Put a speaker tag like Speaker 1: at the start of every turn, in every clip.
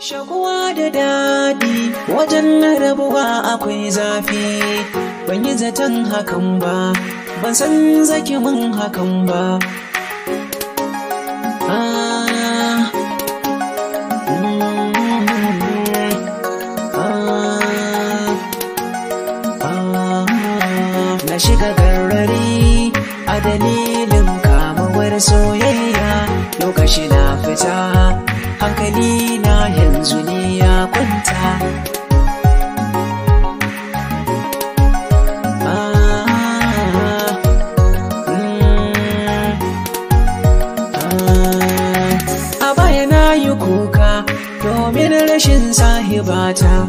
Speaker 1: Shakuwa da daɗi wajen rabuwa akwai zafi, ban yi zaton hakan ba, ban san zaki mun hakan ba. Ah. Ah. Ah. Na shiga garari a dalilin ne ya kwanta ah, ah, ah, a baya na yi kuka domin rashin sahibata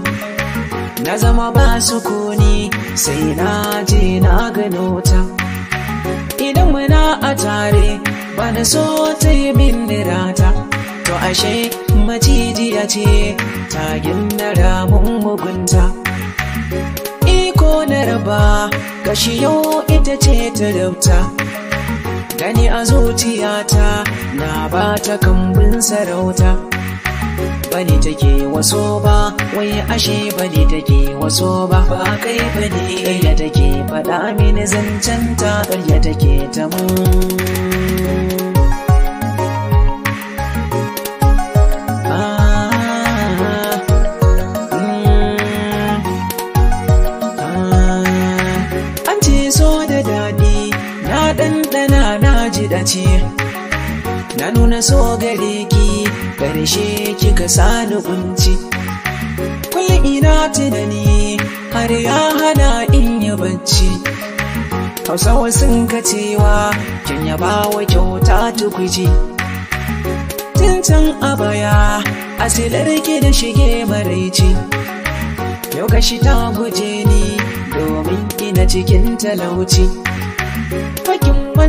Speaker 1: na zama ba su kuni sai na je na gano ta idan muna a tare ba na so ta yi min to ashe macijiya ce ta gina ramin mugunta iko na raba kashiyo ita ce ta rabta gani a zuciyata na ba ta kambin sarauta bani take waso ba wai ashe bani take waso ba ba kai bane ya take faɗa mini zancen ta ƙarya take ta mu. na nuna so gare ki ƙarshe kika sani ƙunci. kullum ina tunani har ya hana in yi bacci hausawa sun ka cewa kin ya wa kyauta tukuji tun can a baya asilar ki da shige maraici yau kashi ta guje ni domin ina cikin talauci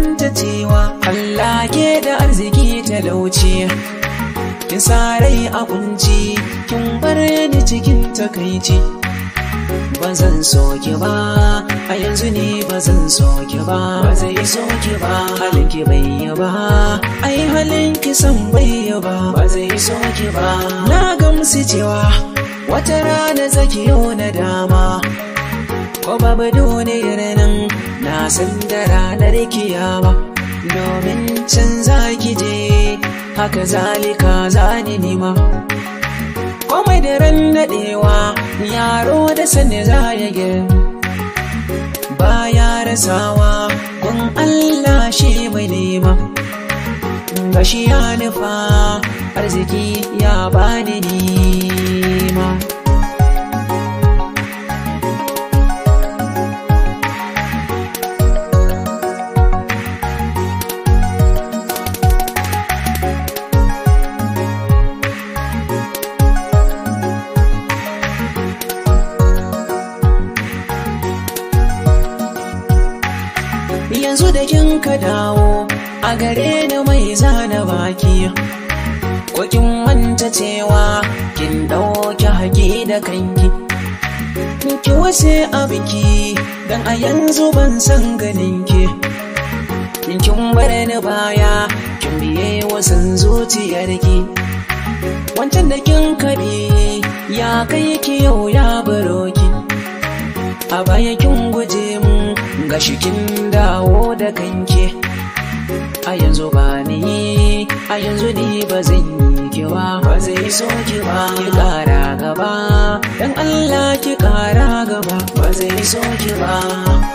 Speaker 1: manta cewa Allah ke da arziki talauci kin rai a kunci kin bar ni cikin takaici bazan zan soke ba a yanzu ne bazan zan soke ba ba zai soke ba ki bai yi ba ai ki san bai yi ba ba soke ba na gamsu cewa wata rana zaki yau na dama ko babu duniyar nan na san da ranar kiyama domin can za ki je haka zalika za ni nima komai da ran daɗewa yaro da sani za ya ba ya rasawa kun Allah shi mai nema gashi ya nufa arziki ya bani nima yanzu da kin ka dawo a gare ni mai zana baki ko kin manta cewa kin ɗauki haƙi da kanki ki wace a biki dan a yanzu ban san ganin ki kin kin bar ni baya kin biye wasan zuciyarki wancan da kin kaɗi ya kai ki yau ya baro ki a baya kin guje mu ga shikin dawo da kanke a yanzu ba ni a yanzu ni ba zan yi kiwa ba zai so ki ba ki kara gaba dan Allah ki kara gaba ba zai so ki ba